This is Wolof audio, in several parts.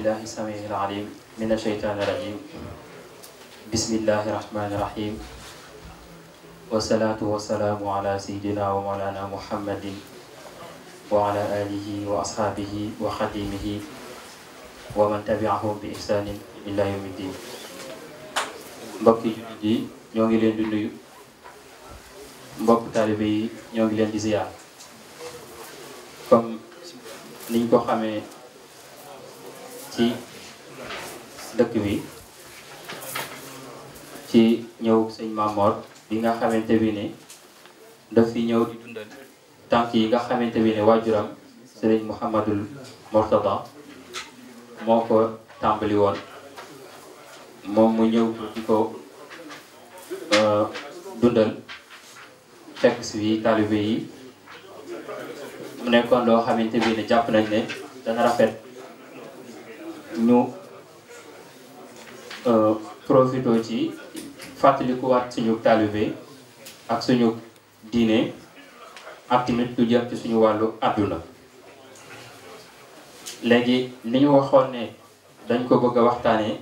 billahi samihi alalim min asheytaani irajim bismillahi rahmani irahim wasalaatu wasalaamu ala sayidina wa mawlana muhammadin wa ala alihi wa ashaabihi wa xadimihi wa man tabiahum bi ihsanin ila yawmi ddin mbokki jullit yi ñoo ngi leen di nuyu mbokk taalibe yi ñoo ngi leen di ziyaar comme niñ ko xamee ci dëkk bi ci ñëw sëñ Mamor bi nga xamante bi ne daf fi ñëw di dundal tànk yi nga xamante bi ne waajuram sëriñ Mouhamadul Mortada moo ko tàmbali woon moom mu ñëw di ko euh, dundal fekk si taalibe yi mu nekkoon loo xamante bi ne jàpp nañ ne dana rafet ñu euh, profité ci fàttalikuwaat suñu taalibe ak suñu diine ak tamit lu jëm ci suñu wàllu àdduna léegi li ñu waxoon ne dañ ko bëgg a waxtaanee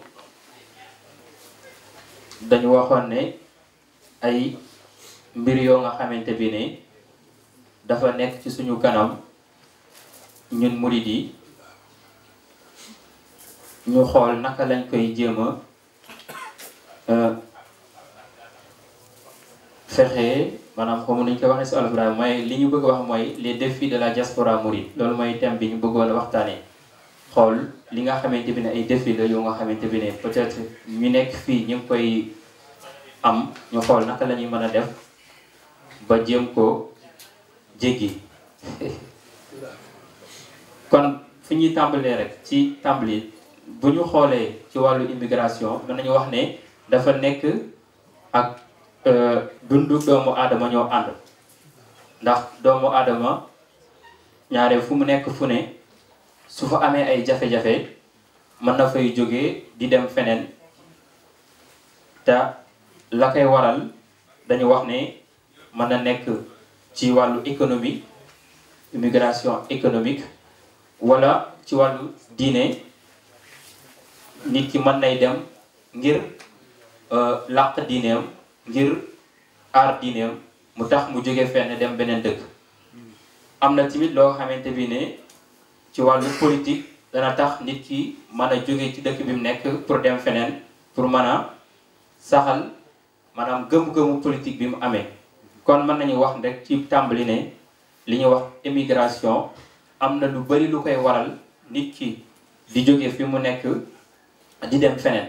dañu waxoon ne ay mbir yoo nga xamante bi ne dafa nekk ci suñu kanam ñun murid yi ñu xool naka lañ koy jéem a euh, fexe maanaam comme ni ñu koy waxee si wolof daal mooy li ñu bëgg wax mooy les défis de la diaspora mouride loolu mooy thème bi ñu bëggoon a waxtaanee xool li nga xamante bi ne ay défis la nga xamante bi ne peut-être ñu nekk fii ñu ngi koy am ñu xool naka lañuy ñuy mën a def ba jëm ko jéggi kon fi ñuy tàmbalee rek ci tàmbali bu ñu xoolee ci wàllu immigration mën nañu wax ne dafa nekk ak euh, dundu doomu aadama ñoo ànd ndax doomu aadama ñaare fu mu nekk fu ne su fa amee ay jafe-jafe mën na fay jóge di dem feneen te la koy waral dañu wax ne mën na nekk ci wàllu économie immigration économique wala ci wàllu diine nit ki mën nay dem ngir euh, làq diineem ngir aar diineem mu tax mu jóge fenn dem beneen dëkk am na tamit loo xamante bi ne ci wàllu politique dana tax nit ki mën a jóge ci dëkk bi mu nekk pour dem feneen pour mën a saxal maanaam gëm-gëmu politique bi mu amee kon mën nañu wax rek ci tàmbali ne li ñuy wax émigration am na lu bari lu koy waral nit ki di jóge fi mu nekk di dem feneen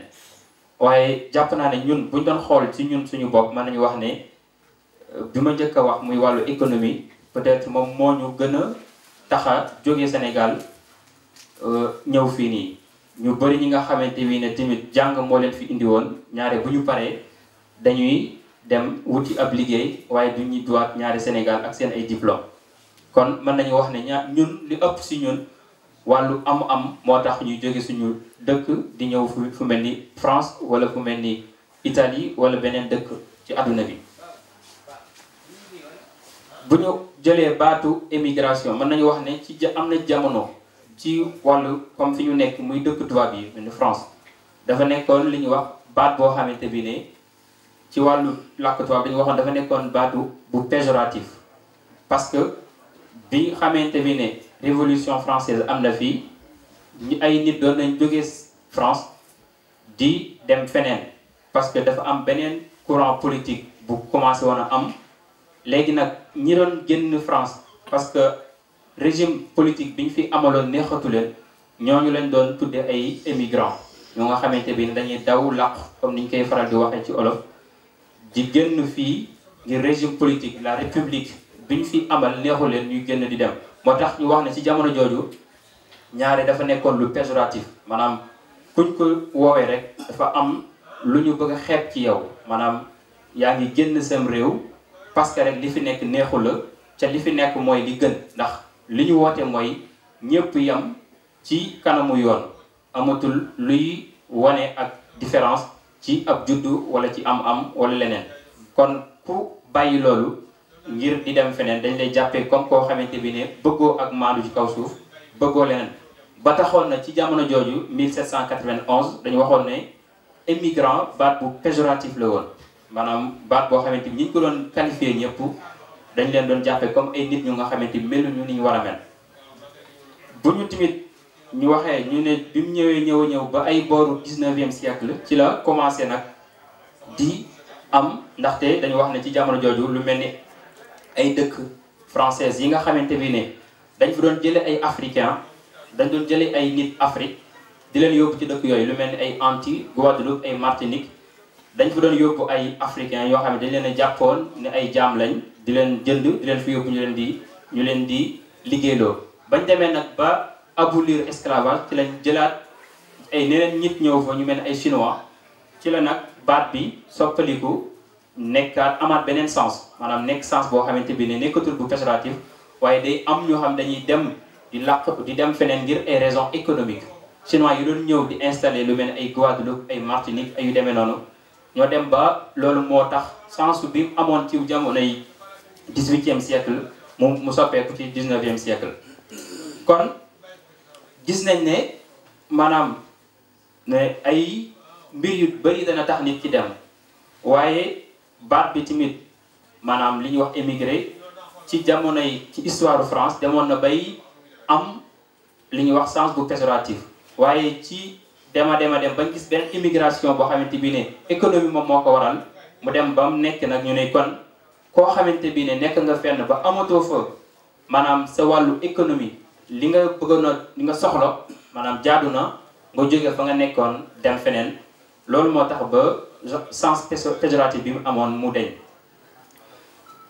waaye jàpp naa ne ñun buñ doon xool ci ñun suñu bopp mën nañu wax ne euh, bi ma njëkk a wax muy wàllu économie peut-être moom moo ñu gën a tax a jóge Sénégal euh, ñëw fii nii ñu bëri ñi nga xamante wi ne tamit jàng moo leen fi indi woon ñaare bu ñu paree dañuy dem wuti ab liggéey waaye du ñuy duwaat ñaari Sénégal ak seen ay diplôme kon mën nañu wax ne ñaar ñun li ëpp si ñun wàllu am-am moo tax ñu jóge suñu dëkk di ñëw fu fu mel ni France wala fu mel ni Italie wala beneen dëkk ci àdduna bi bu ñu jëlee baatu émigration mën nañu wax ne ci am na jamono ci wàllu comme fi ñu nekk muy dëkk tubaab yi mel ni France dafa nekkoon li ñuy wax baat boo xamante bi ne ci wàllu làkk tubaab dañu waxoon dafa nekkoon baatu bu péjoratif parce que bi xamante bi ne révolution française am na fii ñu ay nit doon nañ jóge France di dem feneen parce que dafa am beneen courant politique bu commencé woon a am léegi nag ñi doon génn France parce que régime politique bi ñu fi amaloon neexatu leen ñooñu leen doon tudde ay émigrants ñoo nga xamante bi dañuy daw làqu comme ni ñu koy faral di waxee ci olof di génn fii ngir régime politique la république bi ñu fi amal neexu leen ñuy génn di dem moo tax ñu wax ne ci jamono jooju ñaare dafa nekkoon lu péjoratif maanaam kuñ ko woowee rek dafa am lu ñu bëgg a xeeb ci yow maanaam yaa ngi génn sam réew parce que rek li fi nekk neexu la ca li fi nekk mooy li gën ndax li ñu woote mooy ñépp yam ci kanamu yoon amatul luy wane ak différence ci ab juddu walla ci am-am wala leneen kon ku bàyyi loolu ngir di dem feneen dañ lay jàppee comme koo xamante bi ne bëggoo ak maandu ci kaw suuf bëggoo leneen ba taxoon na ci jamono jooju 1791 dañu waxoon ne émigrant baat bu péjoratif la woon maanaam baat boo xamante bi ñi ñu ko doon dañ leen doon jàppee comme ay nit ñu nga xamante ni meluñu ni ñu war a mel bu ñu timit ñu waxee ñu ne bi mu ñëwee ñëw ñëw ba ay booru 19e siècle ci la commencé nag di am ndaxte dañu wax ne ci jamono jooju lu mel ni ay dëkk française yi nga xamante bi ne dañ fi doon jële ay africain dañ doon jële ay nit Afrique di leen yóbbu ci dëkk yooyu lu mel ni ay Antilles Guadeloupe ay Martinique dañ fi doon yóbbu ay africain yoo xam ne dañ leen a jàppoon ne ay jaam lañ di leen jënd di leen fi yóbbu ñu leen di ñu leen di liggéeyloo bañ demee nag ba abolir esclavage ci lañ jëlaat ay neneen nit ñëw fa ñu mel ni ay chinois ci la nag baat bi soppaliku nekkaat amaat beneen sens maanaam nekk sens boo xamante bi ne nekkatul bu péjoratif waaye day am ñoo xam dañuy dem di làq di dem feneen ngir ay raisons économiques chinois yu doon ñëw di installer lu mel ne ay Guadeloupe ay Martinique ay yu demee noonu ñoo dem ba loolu moo tax sens bi amoon ci jamonoy dix-huitième siècle mu mu soppeeku ci dix-neuvième siècle kon gis nañ ne maanaam ne ay mbir yu bëri dana tax nit ci dem waaye baat bi tamit maanaam li ñuy wax émigré ci jamono yi ci histoire France demoon na bay am li ñuy wax sens bu péjoratif waaye ci dema dema dem bañ gis benn immigration boo xamante bi ne économie moom moo ko waral mu dem ba mu nekk nag ñu ne kon koo xamante bi ne nekk nga fenn ba amatoo fa maanaam sa wàllu économie li nga bëggoon a li nga soxla maanaam jaadu na nga jóge fa nga nekkoon dem feneen loolu moo tax ba sens péjoratif bi mu amoon mu deñ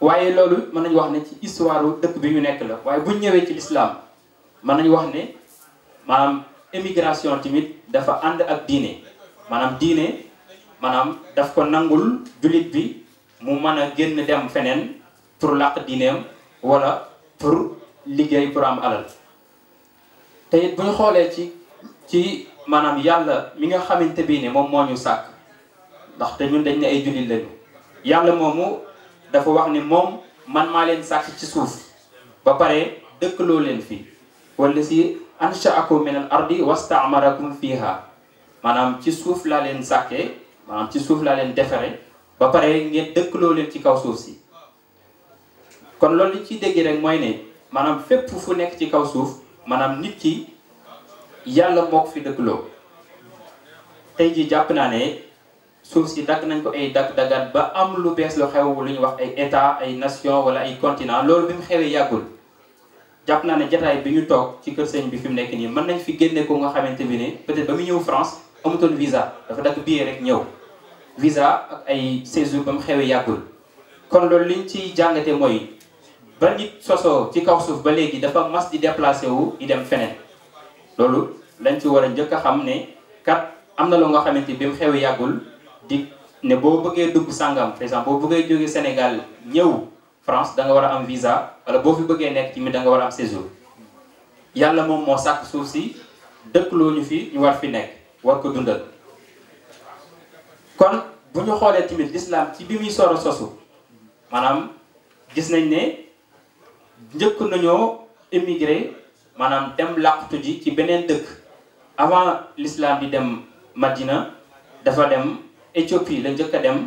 waaye loolu mën nañu wax ne ci histoire dëkk bi ñu nekk la waaye bu ñu ñëwee ci lislaam mën nañu wax ni maanaam émigration tamit dafa ànd ak diine maanaam diine maanaam daf ko nangul jullit bi mu mën a génn dem feneen pour làq diineem wala pour liggéey pour am alal te buñ xoolee ci ci maanaam yàlla mi nga xamante bii ne moom moo ñu sàkk ndaxte ñun dañ ne ay jullit lañu yàlla moomu dafa wax ni moom man maa leen sàcc ci suuf ba pare dëkkaloo leen fi wala si anshaakum min al ardi wastaamarakum fiha maanaam ci suuf laa leen sàkkee maanaam ci suuf laa leen defare ba pare ngeen dëkkaloo leen ci kaw suuf si kon loolu li ciy déggee rek mooy ne maanaam fépp fu nekk ci kaw suuf maanaam nit ci yàlla moo ko fi dëkkaloo tey ji jàpp naa ne suuf si dagg nañ ko ay dagg daggaat ba am lu bees lu xew lu ñuy wax ay état ay nation wala ay continent loolu bi mu xewee yàggul jàpp naa ne jataay bi ñu toog ci kër sëñ bi fi mu nekk nii mën nañ fi génne ko nga xamante bi ne peut-être ba mu ñëw France amutoon visa dafa dagg billet rek ñëw visa ak ay séjour ba mu xewee yàggul kon loolu liñ ci jàngate mooy ba nit sosoo ci kaw suuf ba léegi dafa mas di déplacé wu dem feneen loolu lañ ci war a njëkk a xam ne kat am na loo xamante bi mu xewee yàggul di ne boo bëggee dugg sàngam par exemple boo bëggee jógee Sénégal ñëw France da nga war a am visa wala boo fi bëggee nekk timit mi nga war a am séjour yàlla moom moo sàkk suuf si dëkkloo ñu fi ñu war fi nekk war ko dundal kon bu ñu xoolee tamit l'islam ci bi muy soro sosu maanaam gis nañ ne njëkk nañoo émigré maanaam dem làqtu ji ci beneen dëkk avant l'islam di dem Madina dafa dem Éthiopie la jëkk a dem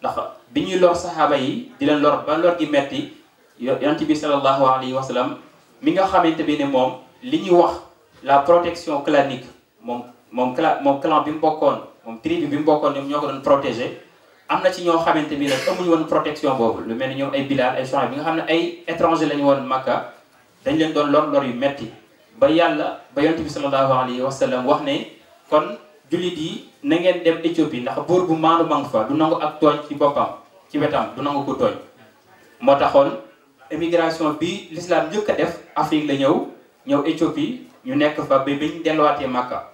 ndax bi ñuy lor saxaaba yi di leen lor ba lor gi metti yonent bi sallallahu alayhi wa sallam mi nga xamante bi ne moom li ñuy wax la protection clanique moom moom clan moom clan bi mu bokkoon moom tribu bi mu bokkoon ñoom ñoo ko doon protégé am na ci ñoo xamante bi nag amuñu woon protection boobu lu mel ni ñoom ay Bilaal ay Suhayb bi nga xam ne ay étranger lañu woon Makka dañ leen doon lor lor yu metti ba yàlla ba yonent bi sallallahu wax ne jullit yi na ngeen dem Éthiopie ndax buur bu maandu ma fa du nangu ak tooñ ci boppam ci wetam du nangu ko tooñ moo taxoon émigration bi l'islam njëkk a la ñëw ñëw Éthiopie ñu nekk fa ba biñ delluwaatee Makka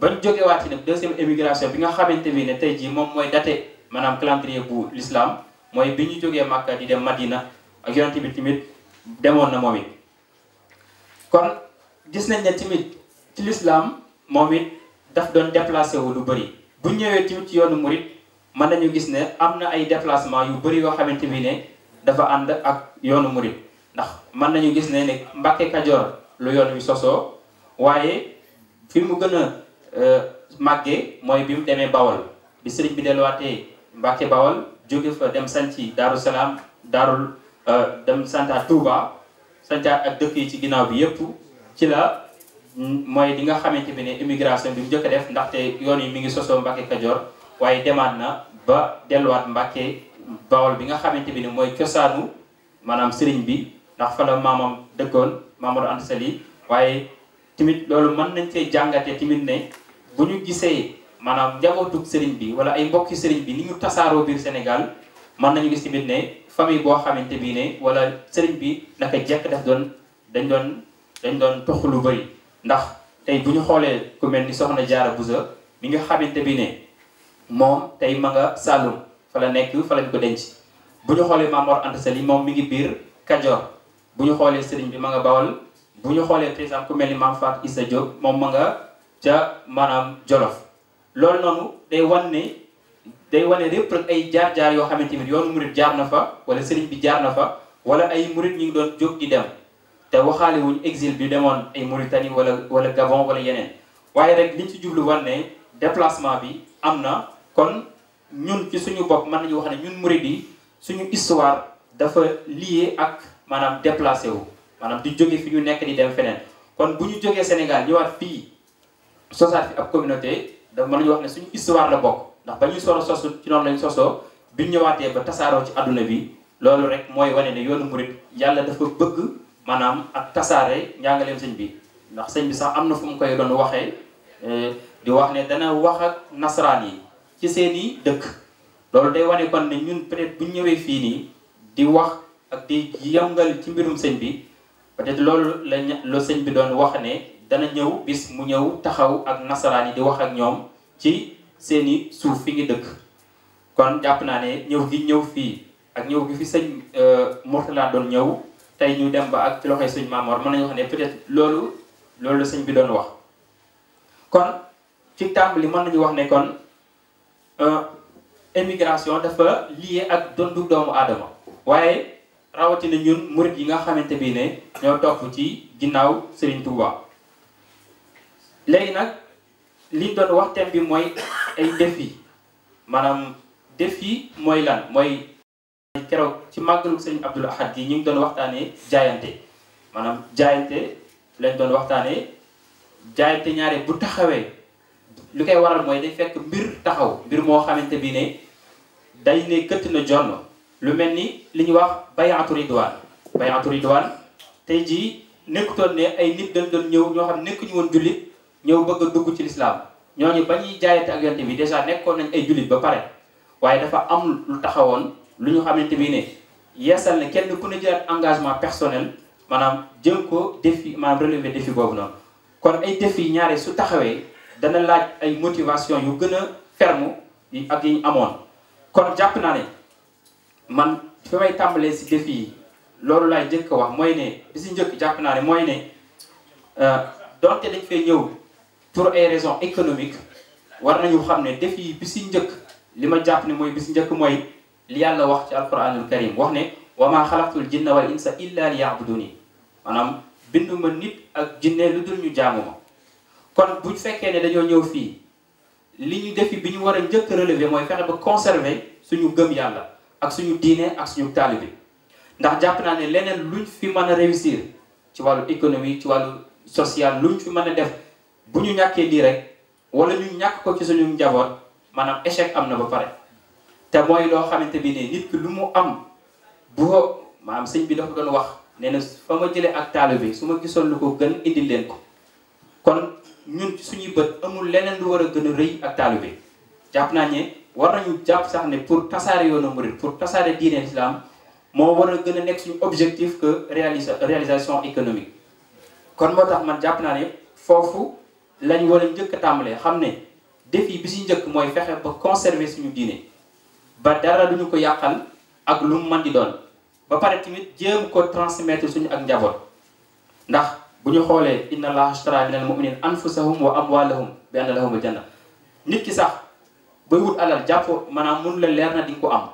bañ jógewaatee nag deuxième émigration bi nga xamante bi ne tey jii moom mooy daté maanaam calendrier bu l'islam mooy bi ñu jógee Makka di dem Madina ak yonent bi tamit demoon na moom it kon gis nañ ne tamit ci l'islam moom it daf doon déplacé wu lu bëri bu ñëwee tamit ci yoonu murit mën nañu gis ne am na ay déplacement yu bëri yoo xamante bi ne dafa ànd ak yoonu murit ndax mën nañu gis ne ne Mbàkke Kajoor lu yoon wi sosoo waaye fi mu gën a euh, màggee mooy bi mu demee Bawol bi sëriñ bi delluwaatee Mbàkke Bawol jóge fa dem sanci Daaru Salaam daarul euh, dem santa Touba santaat ak dëkk yi ci ginnaaw bi yëpp ci la mooy li nga xamante bi ne immigration bi mu njëkk def ndaxte yoon yi mi ngi sosoo Mbacke Kajoor waaye demaat na ba delluwaat Mbacke Bawol bi nga xamante bi ne mooy cosaanu maanaam sëriñ bi ndax fa la maamam dëkkoon Mamadou Anta Sali waaye tamit loolu mën nañ cee jàngatee tamit ne bu ñu gisee maanaam njabootug sëriñ bi wala ay mbokki sëriñ bi ni ñu tasaaroo biir Sénégal mën nañu gis tamit ne famille boo xamante bi ne wala sëriñ bi naka jekk def doon dañ doon dañ doon tox lu bëri ndax tey bu ñu xoolee ku mel ni soxna Diarra Bousso mi nga xamante bi ne moom tey ma nga Saloum fa la nekk fa lañ ko denc bu ñu xoolee Mame Mor Anta Saly moom mi ngi biir Kajoor bu ñu xoolee sëriñ bi ma nga Bawol bu ñu xoolee par exemple ku mel ni Mame Fatou sa jóg moom ma nga ca maanaam Jolof loolu noonu day wan ne day wane lépp rek ay jaar-jaar yoo xamante ni yoonu murit jaar na fa wala sëriñ bi jaar na fa wala ay murit ñu ngi doon jóg di dem te waxaale wuñ exil bi demoon ay Mauritanie wala wala Gabon wala yeneen waaye rek liñ ci jublu war ne déplacement bi am na kon ñun ci suñu bopp mën nañu wax ne ñun murid yi suñu histoire dafa lié ak maanaam déplacé wu maanaam di jóge fi ñu nekk di dem feneen kon bu ñu jógee Sénégal ñëwaat fii sosaat fi ab communauté da mën nañu wax ne suñu histoire la bokk ndax ba ñuy soro sosu ci noonu lañ sosoo bi ñu ñëwaatee ba tasaaroo ci àdduna bi loolu rek mooy wane ne yoonu murid yàlla dafa bëgg maanaam ak tasaare njàngaleem sëñ bi ndax sëñ bi sax am na fu mu koy doon waxee eh, di wax ne dana wax ak nasaraan yi ci seeni dëkk loolu day wane kon ne ñun peut-être bu ñëwee fii nii di wax ak di yëngal ci mbirum sëñ bi peut-être loolu la la sëñ bi doon wax ne dana ñëw bis mu ñëw taxaw ak nasaraan yi di wax ak ñoom ci seeni suuf fi ngi dëkk kon jàpp naa ne ñëw gi ñëw fii ak ñëw gi fi sëñ eh, Mourtala doon ñëw tey ñu dem ba ak ci loxoy sëñ Maamoor mën nañu wax ne peut-être loolu loolu la sëñ bi doon wax kon ci tàmbali mën nañu wax ne kon euh, émigration dafa lié ak dondu doomu aadama waaye rawatina ñun murit yi nga xamante bi ne ñoo topp ci ginnaaw Serigne Touba léegi nag liñ doon wax thème bi mooy ay def défi maanaam yi mooy lan mooy keroog ci màggalu sëñ Abdul Ahad yi ñu ngi doon waxtaanee jaayante maanaam jaayante lañ doon waxtaanee jaayante ñaare bu taxawee lu koy waral mooy day fekk mbir taxaw mbir moo xamante bi ne day ne këtt na jonn lu mel ni li ñuy wax bayaatu ridwaan bayaatu ridwaan tey jii nekkutoon ne ay nit dañ doon ñëw ñoo xam nekkuñu woon jullit ñëw bëgg a dugg ci lislaam ñoo ñooñu ba ñuy jaayante ak yonte bi dèjà nekkoon nañ ay jullit ba pare waaye dafa am lu taxawoon lu ñu xamante bi ne yeesal ne kenn ku ne jëlaat engagement personnel maanaam jëm ko défi maanaam relever défi boobu noonu kon ay défi ñaare su taxawee dana laaj ay motivation yu gën a ferme yi ak yi amoon kon jàpp naa ne man fi may tàmbalee si défi yi loolu laay njëkk a wax mooy ne bi si njëkk jàpp naa ne mooy ne euh, donte dañ fay ñëw pour ay raisons économiques war nañu xam ne défi bi si njëkk li ma jàpp ne mooy bi si njëkk mooy li yàlla wax ci alquranul karim wax ne wa maa xalaqtul jinna wal insa illa li yaabuduni maanaam bindu ma nit ak jinne lu dul ñu jaamu ma kon buñ fekkee ne dañoo ñëw fii li ñu defi bi ñu war a njëkk relever mooy fexe ba conserver suñu gëm yàlla ak suñu diine ak suñu taalibi ndax jàpp naa ne leneen luñ fi mën a réussir ci wàllu économie ci wàllu social luñ fi mën a def bu ñu ñàkkee lii rek wala ñu ñàkk ko ci suñu njaboot maanaam échec am na ba pare te mooy loo xamante bi ne nit ki lu mu am bu ma am sëñ bi dafa doon wax nee na fa ma jëlee ak taalo bi su ma gisoon lu ko gën indil leen ko kon ñun suñuy bët amul leneen lu war a gën a rëy ak taalo bi jàpp naa ne war nañu jàpp sax ne pour tasaare yoonu murid pour tasaare diine islam moo war a gën a nekk suñu objectif que réalisation économique kon moo tax man jàpp naa ne foofu lañ war a njëkk tàmbalee xam ne défi bi si njëkk mooy fexe ba conserver suñu diine ba dara duñu ko yàqal ak lu mu mën di doon ba pare tamit jëm ko transmettre suñu ak njaboot ndax bu ñu xoolee inna allaha ashtara minal mu'minina anfusahum wa amwalahum bi anna lahumul janna nit ki sax bay wut jàpp maanaam mun leer na di ko am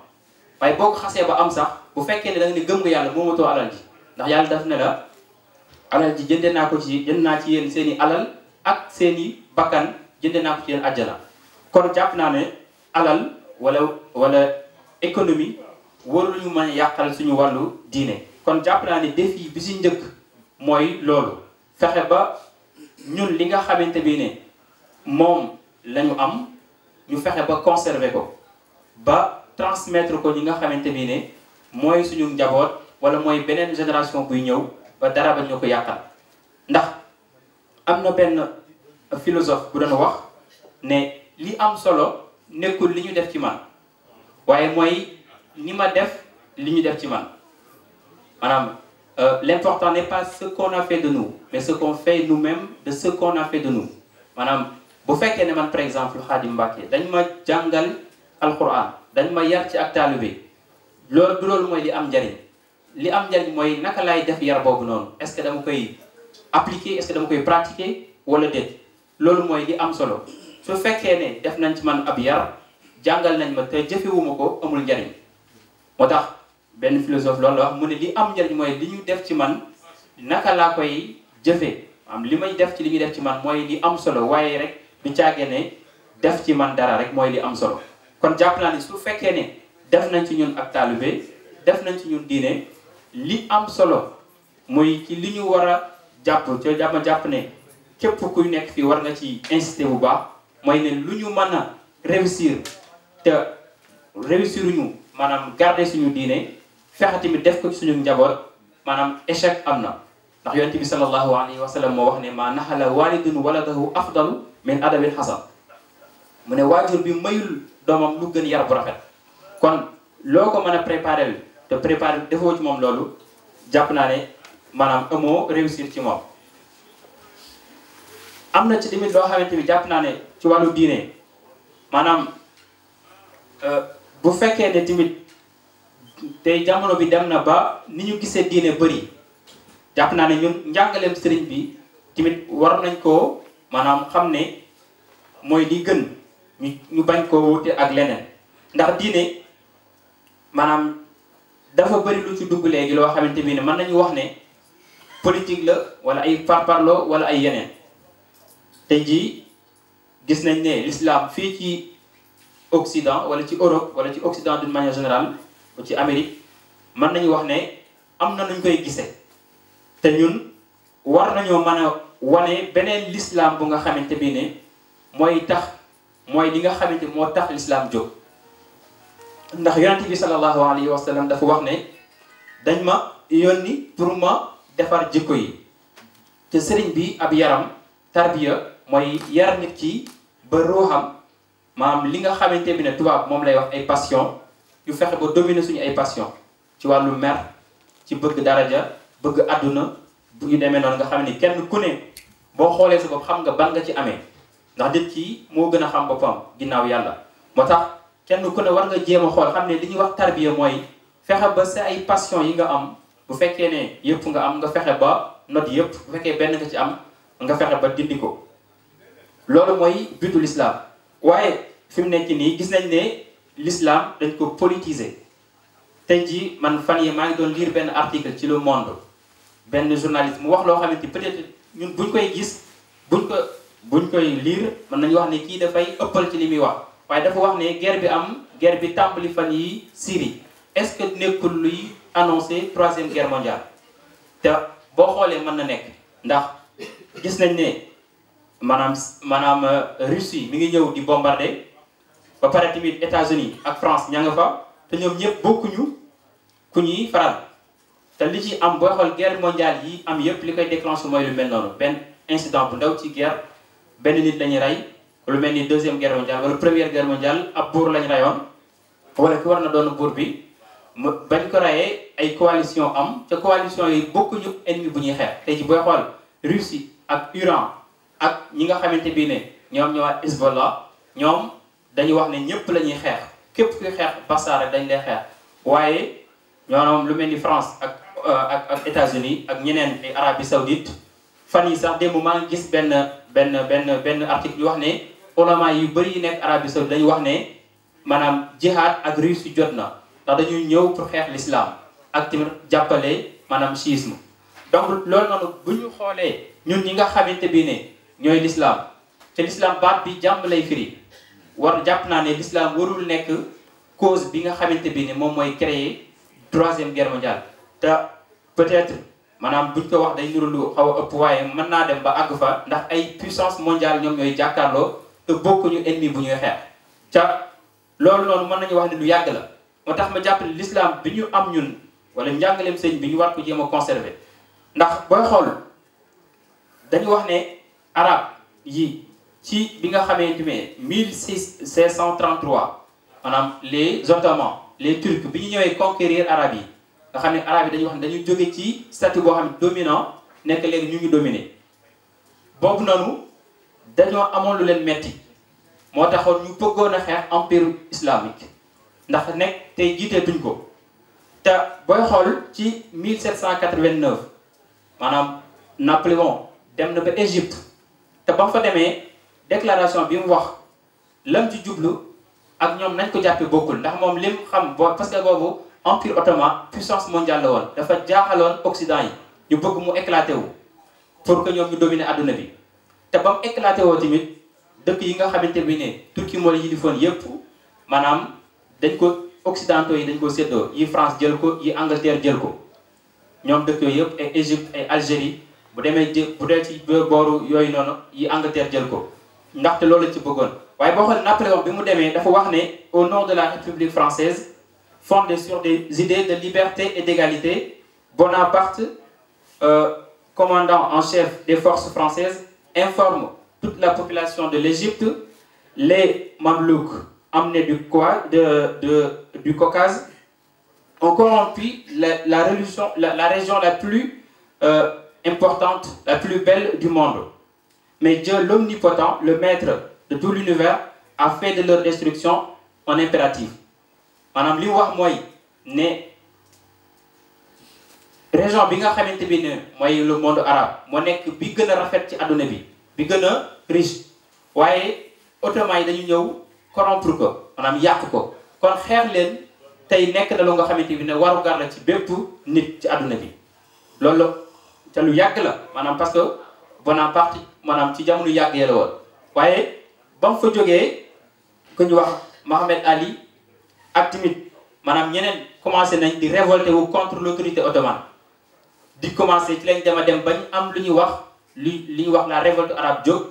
waaye boo xasee ba am sax bu fekkee ne da nga gëm yàlla moomatoo alal ndax yàlla daf ne la alal ji jënde naa ko ci jënd naa ci yéen seen i ak seeni i bakkan jënde naa ko ci yéen àjjana kon jàpp naa ne alal wala wala économie warul ñu mën yàqal suñu wàllu diine kon jàpp naa ne défi bi suñ njëkk mooy loolu fexe ba ñun li nga xamante bi ne moom lañu am ñu fexe ba conserver ko ba transmettre ko ñi nga xamante bi ne mooy suñu njaboot wala mooy beneen génération buy ñëw ba dara ba ñu ko yàqal ndax am na benn philosophe bu doon wax ne li am solo nekkul li ñu def ci man waaye mooy ni ma def li ñu def ci man maanaam euh, l'important n'est pas ce qu'on a fait de nous mais ce qu'on fait nous-mêmes de ce qu'on maanaam bu fekkee ne man par exemple Xaadim Mbàkke dañ ma jàngal alquran dañ ma yar ci ak bi loolu du loolu mooy li am njariñ li am njariñ mooy naka laay def yar boobu noonu est-ce que dama koy appliquer est-ce dama koy pratiquer wala déet loolu mooy li am solo su fekkee ne def nañ ci man ab yar jàngal nañ ma te jëfewuma ko amul njariñ moo tax benn philosophe loolu wax mu ne li am njariñ mooy li ñu def ci man naka laa koy jëfe am li may def ci li def ci man mooy li am solo waaye rek du caage ne def ci man rek mooy li am solo kon jàpp naa ne su fekkee ne def nañ ci ñun ak taalibe def nañ ci ñun diine li am solo muy ci li ñu war a jàpp ca jàpp ne képp kuy nekk fii war nga ci insister baax mooy ne lu ñu mën a réussir te réussir ñu maanaam garder suñu diine fexe tamit def ko suñu njaboot maanaam échec am na ndax yonent bi sallallahu alayhi wa sallam moo wax ne maa naxala walidun waladahu afdalu min adabin xasan mu ne waajur bi mayul doomam lu gën yar bu rafet kon loo ko mën a préparé te préparé defoo ci moom loolu jàpp naa ne maanaam amoo réussir ci moom am na ci tamit loo xamante bi jàpp naa ne ci wàllu diine maanaam euh, bu fekkee ne tamit tey jamono bi dem na ba ni ñu gisee diine bari jàpp naa ne ñu njàngaleem sëriñ bi tamit war nañ koo maanaam xam ne mooy li gën ñu ñu bañ koo wute ak leneen ndax diine maanaam dafa bari lu ci dugg léegi loo xamante bi ne mën nañu wax ne politique la wala ay parparloo wala ay yeneen tey jii gis nañ ne l'islam fii ci Occident wala ci Europe wala ci Occident d'une manière générale ba ci Amérique mën nañu wax ne am na nuñ koy gisee te ñun war nañoo mën a wane beneen lislaam bu nga xamante bi ne mooy tax mooy li nga xamante moo tax lislaam jóg ndax yonent bi sallallahu alayhi wa dafa wax ne dañ ma yónni pour ma defar jikko yi te sëriñ bi ab yaram tarbiya mooy yar nit ki ba ruuxam maanaam li nga xamante bi ne tubaab moom lay wax ay passion yu fexe ba dominer suñu ay passion ci wàllu mer ci bëgg daraja bëgg àdduna bu ñu demee noonu nga xam ni kenn ku ne boo xoolee sa ko xam nga ban nga ci amee ndax nit ki moo gën a xam boppam ginnaaw yàlla moo tax kenn ku ne war nga jéem a xool xam ne li ñuy wax tarbiya mooy fexe ba sa ay passion yi nga am bu fekkee ne yëpp nga am nga fexe ba not yëpp bu fekkee benn nga ci am nga fexe ba dindi ko loolu mooy butu l'islam waaye fi mu nekk nii gis nañ ne l'islam dañ ko politiser tey jii man fan yi maa ngi doon lire benn article ci Le Monde benn journaliste mu wax loo xam xamante ni peut-être ñun buñ koy gis buñ ko buñ koy lire mën nañu wax ne kii dafay ëppal ci li muy wax waaye dafa wax ne ger bi am guerre bi tàmbali fan yi siri est-ce que nekkul luy annoncé troisième guerre mondiale te boo xoolee mën na nekk ndax gis nañ ne maanaam maanaam euh, Russie mi ngi ñëw di bombarder ba pare tamit États-Unis ak France ña nga fa te ñoom ñëpp bokkuñu ku ñuy faral te li ci am booy xool guerre mondiale yi am yëpp li koy déclenché mooy lu mel noonu benn incident bu ndaw ci guerre benn nit la ñuy rey lu mel ni deuxième guerre mondiale wala première guerre mondiale ab buur lañu ñu reyoon wala ki war na doon buur bi mu bañ ko reyee ay coalition am te coalition yi bokkuñu ennemi bu ñuy xeex tey ci booy ak Iran. ak ñi nga xamante bii ne ñoom ñoo waa Hezbollah ñoom dañuy wax ne ñëpp la ñuy xeex képp kuy xeex Bassa rek dañ lay xeex waaye ñoom lu mel ni France ak euh, ak ak États-Unis ak ñeneen ay Arabie Saoudite fan yi sax démb maa ngi gis benn benn benn benn article yu wax ne ulama yu bëri yu nekk Arabie Saoudite dañu wax ne maanaam jihaad ak Russie jot na ndax dañuy ñëw pour xeex l'islam ak tamit jàppale maanaam chiisme donc loolu noonu bu ñu xoolee ñun ñi nga xamante bi ne ñooy lislaam te lislaam baat bi jàmm lay firi war jàpp naa ne lislaam warul nekk cause bi nga xamante bi ne moom mooy créer troisième guerre mondiale te peut-être maanaam buñ ko wax day niru lu xaw ëpp waaye mën naa dem ba àgg fa ndax ay puissance mondiale ñoom ñooy jàkkaarloo te bokkuñu ennemi bu ñuy xeex ca loolu noonu mën nañu wax ne lu yàgg la moo tax ma jàpp lislaam bi ñu am ñun wala njàngaleem sëñ bi ñu war ko jéem a conserver ndax booy xool arab yi ci bi nga xamante ne mille six cent trente-trois les ottomans les turcs bi ñu ñëwee conquérir arab yi nga xam ne arab yi dañuy wax ne dañu jóge ci statut boo xam ne dominant nekk léegi ñu ngi dominer boobu noonu dañoo amoon lu leen metti moo taxoon ñu bëggoon a xeex empire islamique ndax nekk tey jiiteetuñ ko te booy xool ci 1789 maanaam Napoléon dem na ba Égypte te ba mu fa demee déclaration bi mu wax lan ci jublu ak ñoom nañ ko jàppe bokkul ndax moom lim xam boo parce que boobu empire ottoman puissance mondiale la woon dafa jaaxaloon occident yi ñu bëgg mu éclaté wu pour que ñoom ñu dominer àdduna bi te ba mu éclaté woo tamit dëkk yi nga xamante bi ne Turquie moo la yilifoon yépp maanaam dañ ko occidentaux yi dañ ko séddoo yi France jël ko yi Angleterre jël ko ñoom dëkk yooyu yëpp ay Égypte ay Algérie bu demee jë bu dee ci booru yooyu noonu yi Angleterre jël ko ndaxte loolu ci bëggoon waaye boo xoolee Napoléon bi mu demee dafa wax ne au nom de la République française fondée sur des idées de liberté et d'égalité Bonaparte euh, commandant en chef des forces françaises informe toute la population de l'Égypte les mamelouks amenés du quoi de, de du Caucase ont corrompu la la religion la, région la plus euh, importante, la plus belle du monde. Mais Dieu l'Omnipotent, le maitre de tout l'univers, a fait de leur destruction un impératif. maanaam li mu wax mooy ne région bi nga xamante bi ne mooy le monde arabe moo nekk bi gën a rafet ci àdduna bi bi gën a riche waaye ottoman yi dañu ñëw corrompre ko maanaam yàq ko kon xeex leen tey nekk na lu nga xamante bi ne waru gar la ci bépp nit ci àdduna bi loolu te lu yàgg la maanaam parce que Bonaparte maanaam ci jamono yàgg ya woon waaye ba mu fa jógee ku ñu wax Mohamed Ali ak tamit maanaam ñeneen commencé nañ di révolter wu contre l'autorité ottomane di commencé ci lañ dem a dem bañ am lu ñuy wax lu li ñuy wax la révolte arabe jóg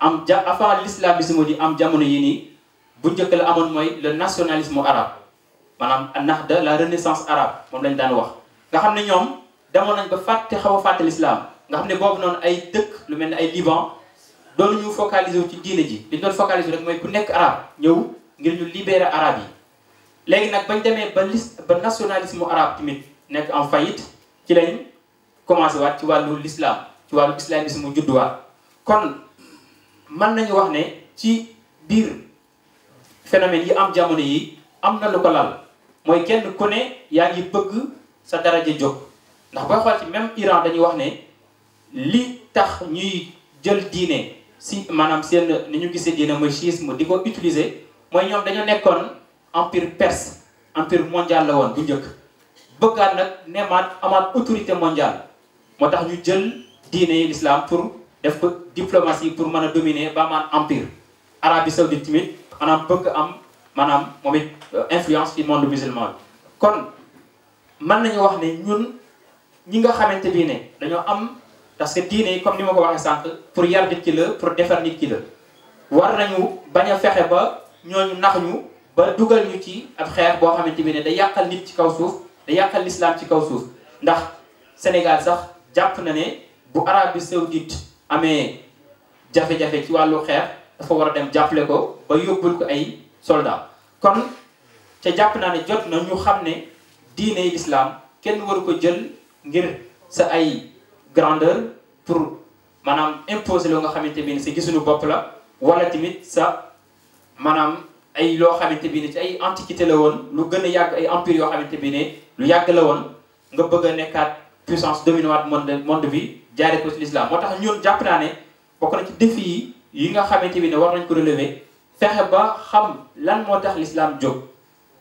am ja avant l'islamisme di am jamono yi nii bu njëkk la amoon mooy le nationalisme arabe maanaam nax da la renaissance arabe moom lañ daan wax nga xam ne ñoom demoon nañ ba fàtte xaw a fàtte lislaam nga xam ne boobu noonu ay dëkk lu mel ni ay Liban doonu ñu focaliser wu ci diine ji li ñu doon focaliser rek mooy bu nekk arab ñëw ngir ñu libérer arab yi léegi nag bañ demee ba lis ba nationalisme arabe nekk en fayit ci lañ commencé waat ci wàllu lislaam ci wàllu islamisme mu judduwaat kon mën nañu wax ne ci biir phénomène yi am jamono yi am na lu ko lal mooy kenn ku yaa ngi bëgg sa daraja jóg ndax booy xool ci même Iran dañuy wax ne li tax ñuy jël diine si maanaam seen ni ñu gisee diine mooy chiisme di ko utiliser mooy ñoom dañoo nekkoon empire perse empire mondial la woon bu njëkk bëggaat nag nemaat amaat autorité mondiale moo tax ñu jël diine yi l'islam pour def ko diplomatie pour mën a dominer ba amaan empire Arabie saoudite tamit maanaam bëgg am maanaam moom it euh, influence fi monde musulman kon mën nañu wax ne ñun ñi nga xamante ni ne dañoo am parce que yi comme ni ma ko waxee sànq pour yar nit ki la pour defar nit ki la war nañu bañ a fexe ba ñooñu nax ñu ba dugal ñu ci ab xeex boo xamante bi ne da yàqal nit ci kaw suuf da yàqal lislaam ci kaw suuf ndax Sénégal sax jàpp na ne bu Arabie Saoudite amee jafe-jafe ci wàllu xeex dafa war a dem jàppale ko ba yóbbul ko ay soldat kon ca jàpp naa ne jot na ñu xam ne diine lislaam kenn waru ko jël ngir sa ay grandeur pour maanaam imposer loo nga xamante bi ni sa gisuñu bopp la wala tamit sa maanaam ay loo xamante bi ni ci ay antiquité la woon lu gën a yàgg ay empire yoo xamante bi ne lu yàgg la woon nga bëgg a nekkaat puissance dominante monde monde bi jaaree ko ci l'islam moo tax ñun jàpp naa ne bokk na ci défi yi yi nga xamante bi ne war nañ ko relever fexe ba xam lan moo tax l'islam jóg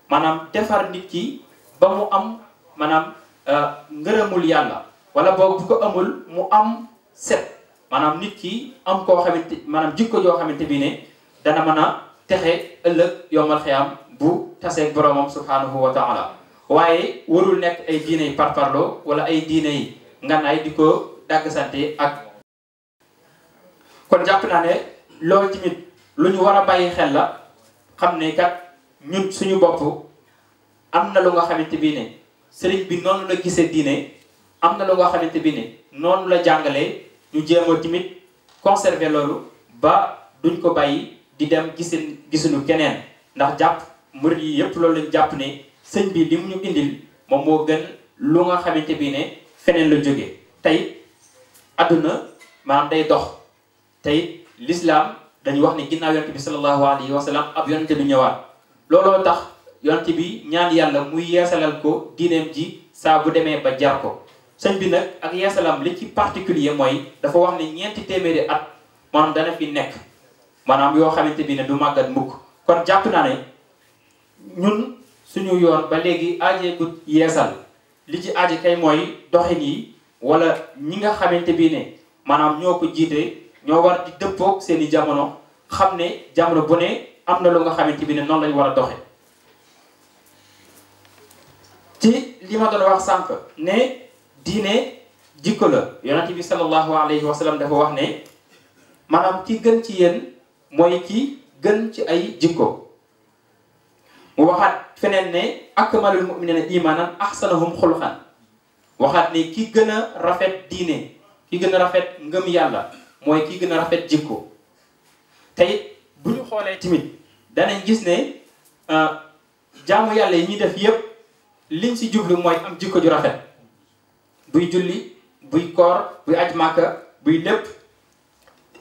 maanaam defar nit ki ba mu am maanaam Euh, ngërëmul yàlla wala boog bu ko amul mu am set maanaam nit ki am koo xamante maanaam jikko joo xamante bii ne dana mën a texe ëllëg yomal xiyam bu taseeg boromam subhanahu wa waaye warul nekk ay diine yi parparloo wala ay diine yi nganaay di ko dagg sante ak kon jàpp naa ne loolu tamit lu ñu war a bàyyi xel la xam ne kat ñu suñu bopp am na lu nga xamante bi ne sëriñ bi noonu la gisee diine am na lu nga xamante bi ne noonu la jàngalee ñu jéem a timit conserver loolu ba duñ ko bàyyi di dem gisin gisuñu keneen ndax jàpp murid yi yëpp loolu lañ jàpp ne sëñ bi li mu ñu indil moom moo gën lu nga xamante bi ne feneen la jóge tey adduna maanaam day dox tey lislaam dañu wax ne ginnaaw yonent bi sallallahu alayhi wa sallam ab yonent du ñëwaat looloo tax yonte bi ñaan yàlla muy yeesalal ko diineem ji saa bu demee ba jar ko sëñ bi nag ak yeesalam li ci particulier mooy dafa wax ne ñeenti téeméeri at maanaam dana fi nekk maanaam yoo xamante bi ne du màggat mukk kon jàpp naa ne ñun suñu yoon ba léegi aajeegut yeesal li ci aaje mooy doxin yi wala ñi nga xamante bi ne maanaam ñoo ko jiite ñoo war di dëppoog seen i jamono xam ne jamono bu ne am na lu nga xamante bi ne noonu lañ war a doxe ci li ma doon wax sànq ne diine jikko la yonent bi sallallahu alayhi wa sallam dafa wax ne maanaam ki gën ci yéen mooy ki gën ci ay jikko mu waxaat feneen ne akmalul muminina imanan ahsanahum xulqan waxaat ne ki gën a rafet diine ki gën a rafet ngëm yàlla mooy ki gën a rafet jikko tey bu ñu xoolee tamit danañ gis ne euh, jaamu yàlla yi ñuy def yépp liñ si jublu mooy am jikko ju rafet buy julli buy koor buy aj màkka buy lépp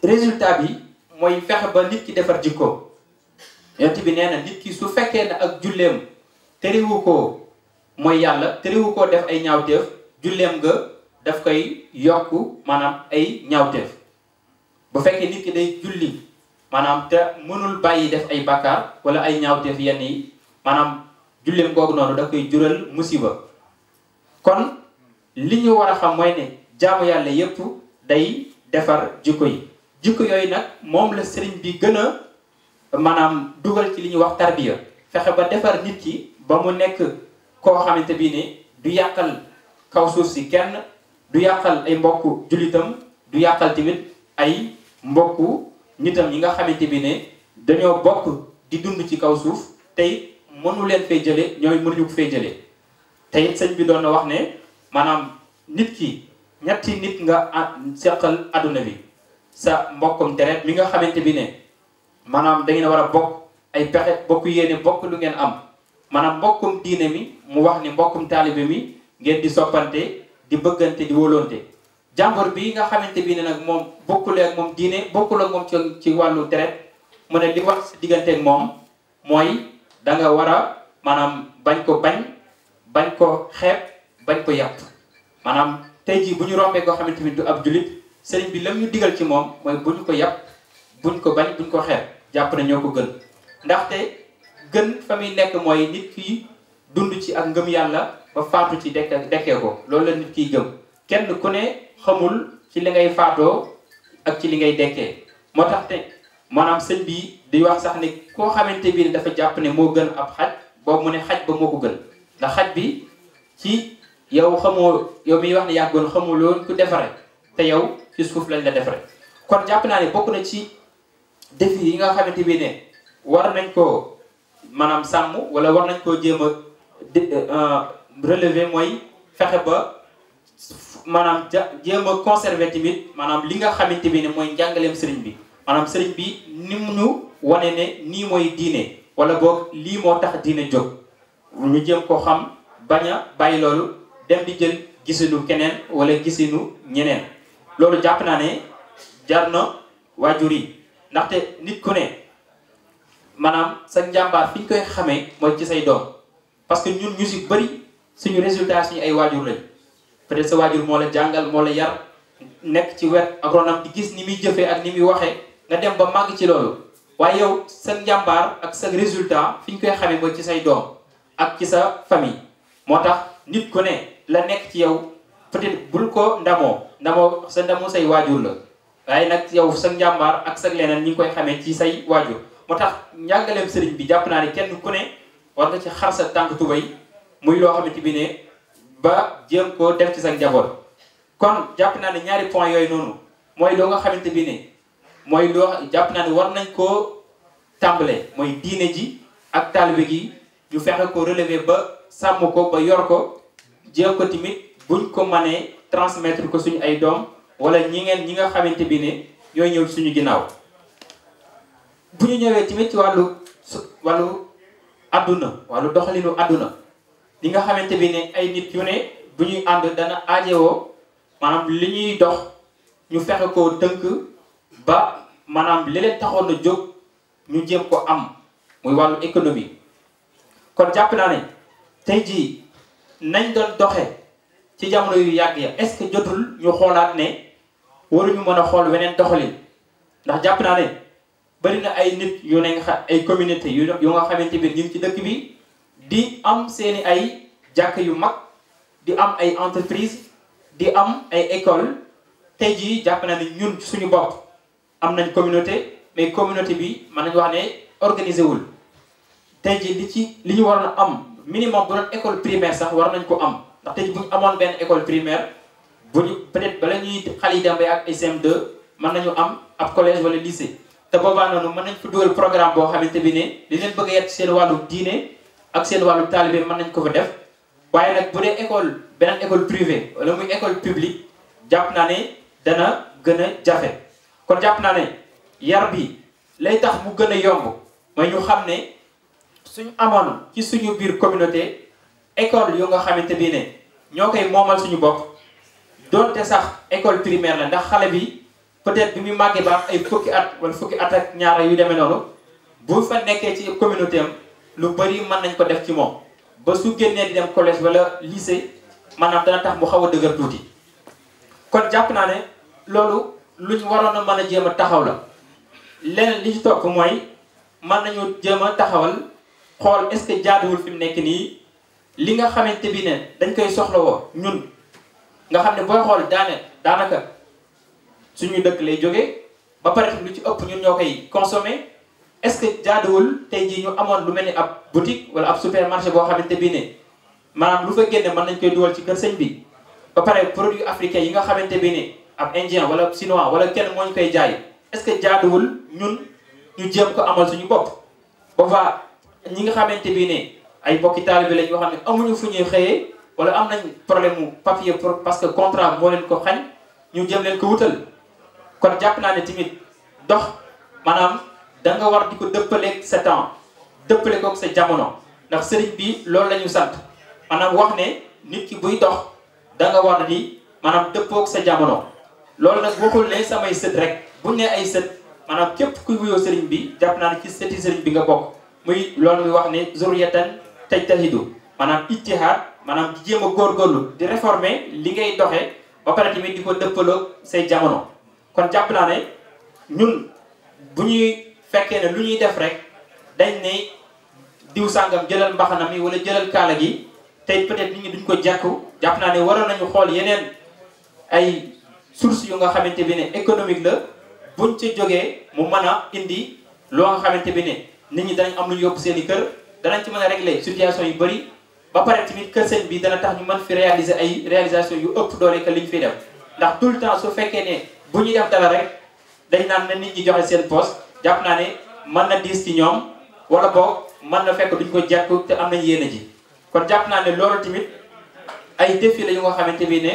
résultat bi mooy fexe ba nit ki defar jikko yonent bi nee na nit ki su fekkee ne ak julleem tëriwu ko mooy yàlla tëriwu koo def ay ñaawteef julleem nga daf koy yokk maanaam ay ñaawteef bu fekkee nit ki day julli maanaam te mënul bàyyi def ay bakkaar wala ay ñaawteef yenn yi maanaam julleem googu noonu da koy jural musiba kon li ñu war a xam mooy ne jaamu yàlla yépp day defar jikko yi jikko yooyu nag moom la sëriñ bi gën a maanaam dugal ci li ñuy wax tarbiya fexe ba defar nit ki ba mu nekk koo xamante bi ne du yàqal kaw suuf si kenn du yàqal ay mbokku jullitam du yàqal tamit ay mbokku nitam yi nga xamante bi ne dañoo bokk di dund ci kaw suuf tey mënu leen fee jëlee ñooy mënuñu ko fee jëlee te it sëñ bi doon na wax ne maanaam nit ki ñetti nit nga seqal àdduna bi sa mbokkum deret mi nga xamante bi ne maanaam da ngeen war a bokk ay pexe bokk yéene bokk lu ngeen am maanaam mbokkum diine mi mu wax ni mbokkum taalibe mi ngeen di soppante di bëggante di wóolonte jàmbur bi nga xamante bi ne nag moom bokkule ak moom diine bokkul ak moom ci ci wàllu deret mu ne li wax si diggante ak moom mooy da nga war a maanaam bañ ko bañ bañ ko xeeb bañ ko yàpp maanaam tey jii bu ñu rombee koo xamante ni du ab jullit sëñ bi lam ñu digal ci moom mooy buñ ko yàpp buñ ko bañ buñ ko xeeb jàpp na ñoo ko gën ndaxte gën fa muy nekk mooy nit ki dund ci ak ngëm yàlla ba faatu ci dekk dekkee ko loolu la nit kiy gëm kenn ku ne xamul ci li ngay faatoo ak ci li ngay dekkee moo tax te maanaam sëñ bi di wax sax ni koo xamante bi dafa jàpp ne moo gën ab xaj boobu mu ne xaj ba moo ko gën ndax xaj bi ci yow xamoo yow miy wax ne yàggoon xamoo loolu ku te yow ci suuf lañ la defare kon jàpp naa ne bokk na ci défi yi nga xamante bii ne war nañ koo maanaam sàmm wala war nañ koo jéem a euh, relever mooy fexe ba maanaam ja jéem a conserver tamit maanaam li nga xamante bii ne mooy njàngaleem sëriñ bi maanaam sëriñ bi ni mu ñu wane ne nii mooy diine wala boog lii moo tax diine jóg ñu jëm ko xam bañ a bàyyi loolu dem di jël gisinu keneen wala gisinu ñeneen loolu jàpp naa ne jar na waajur yi ndaxte nit ku ne maanaam sa njàmbaar fi ñu koy xamee mooy ci say doom parce que ñun ñu si bëri suñu résultat yi ay waajur lañ peut-être sa waajur moo la jàngal moo la yar nekk ci wet agronome di gis ni muy jëfee ak ni muy waxee nga dem ba màgg ci loolu waaye yow sa njàmbaar ak sa résultat fi ñu koy xamee mooy ci say doom ak ci sa famille moo tax nit ku ne la nekk ci yow peut-être bul ko ndamoo ndamoo sa ndamoo say waajur la waaye nag yow sa njàmbaar ak sa leneen ñi ngi koy xamee ci say waajur moo tax njàngaleem sëriñ bi jàpp naa ne kenn ku ne war nga ci xar sa tànk tubay muy loo xamante bi ne ba jéem koo def ci sa njaboot kon jàpp naa ne ñaari point yooyu noonu mooy loo nga xamante bi ne mooy loo jàpp naa ne war nañ koo tàmbale mooy diine ji ak taalibe gi ñu fexe ko relever ba sàmm ko ba yor ko jéem ko tamit buñ ko manee transmettre ko suñu ay doom wala ñi ngeen ñi nga xamante bi ne ñooy ñëw suñu ginnaaw bu ñu ñëwee tamit ci wàllu su wàllu àdduna wàllu doxalinu àdduna li nga xamante bi ne ay nit yu ne bu ñuy ànd dana aajewoo maanaam li ñuy dox ñu fexe ko tënk ba maanaam li leen taxoon na jóg ñu jéem ko am muy wàllu économie kon jàpp naa ne tey jii nañ doon doxe ci jamono yu yàgg ya est-ce que jotul ñu xoolaat ne waruñu mën a xool weneen doxalin ndax jàpp naa ne bari na ay nit yu ne nga ay communauté yu nga xamante bi ñu ci dëkk bi di am seeni ay jàkk yu mag di am ay entreprise di am ay école tey jii jàpp naa ne ñun suñu bopp am nañ communauté mais communauté bi mën nañu wax ne organisé wul tey jii li ci li ñu waroon a am minimum bu doon école primaire sax war nañ ko am ndax tey jii bu ñu amoon benn école primaire bu ñu peut-être bala ñuy xale yi dem ba ak SM2 mën nañu am ab collège wala lycée. te boobaa noonu mën nañ fa dugal programme boo xamante bi ne li leen bëgg a seen wàllu diine ak seen wàllu taalibe mën nañ ko fa def waaye nag bu dee école benn école privée wala muy école publique jàpp naa ne dana gën a jafe. kon jàpp naa ne yar bi lay tax mu gën a yomb mooy ñu xam ne suñu amoon ci suñu biir communauté école yu nga xamante bi ne ñoo koy moomal suñu bopp doonte sax école primaire la ndax xale bi peut-être bi muy màggee ba ay fukki at wala fukki at ak ñaara yu demee noonu bu fa nekkee ci communauté lu bëri mën nañ ko def ci moom ba su génnee di dem collège wala lycée maanaam dana tax mu xaw a dëgër tuuti kon jàpp naa ne loolu lu waroon a mën a jéem a taxaw la leneen li ci topp mooy mën nañu jéem taxawal xool est-ce que jaaduwul fi mu nekk nii li nga xamante bi ne dañ koy soxlawoo ñun nga xam ne booy xool daane daanaka suñu dëkk lay jóge ba pare lu ci ëpp ñun ñoo koy consomé est-ce que jaaduwul tey jii ñu amoon lu mel ni ab boutique wala ab supermarché boo xamante bi ne maanaam lu fa génnee man nañ koy duwal ci kër bi ba pare produit africain yi nga xamante bi ab indien wala chinois wala kenn moo ñu koy jaay est-ce que jaaduwul ñun ñu jéem ko amal suñu bopp boobaa ñi nga xamante bi ne ay bokki taalibe la ñoo xam ne amuñu fu ñuy xëyee wala am nañ problème mu papier pour parce que contrat moo leen ko xañ ñu jëm leen ko wutal kon jàpp naa ne tamit dox maanaam da nga war di ko dëppaleeg sa temps dëppale kook sa jamono ndax sëriñ bi loolu la sant maanaam wax ne nit ki buy dox da nga war di maanaam dëppoog sa jamono. loolu nag bokkul ne samay sët rek bu ne ay sët maanaam képp kuy wuyoo sëriñ bi jàpp naa ne ci sëti sëriñ bi nga bokk muy loolu muy wax ne zuriyatan tajtahidu maanaam ijtihaad maanaam di jéem a góorgóorlu di réformer li ngay doxee ba pare tamit di ko dëppaloo say jamono kon jàpp naa ne ñun bu ñuy fekkee ne lu ñuy def rek dañ ne diw sàngam jëlal mbaxana mi wala jëlal kaala gi tey peut-être nit ñi duñ ko jàkku jàpp naa ne waral nañu xool yeneen ay source yu nga xamante bi ne économique la buñ ci jógee mu man a indi loo nga xamante bi ne nit ñi danañ am lu ñu yóbbu seen i kër danañ ci mën a régler situation yu bëri ba pare tamit kër sëñ bi dana tax ñu man fi réaliser ay réalisation yu ëpp doole que liñ fiy dem ndax tout le temps su fekkee ne bu ñuy def dara rek dañ naan ne nit ñi joxe seen poste jàpp naa ne man na diis ci ñoom wala boog man na fekk duñ ko jekku te am nañ yéene ji kon jàpp naa la yu xamante bi ne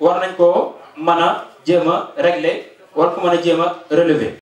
war nañ koo mën a jéem a régler war ko mën a jéem a relever.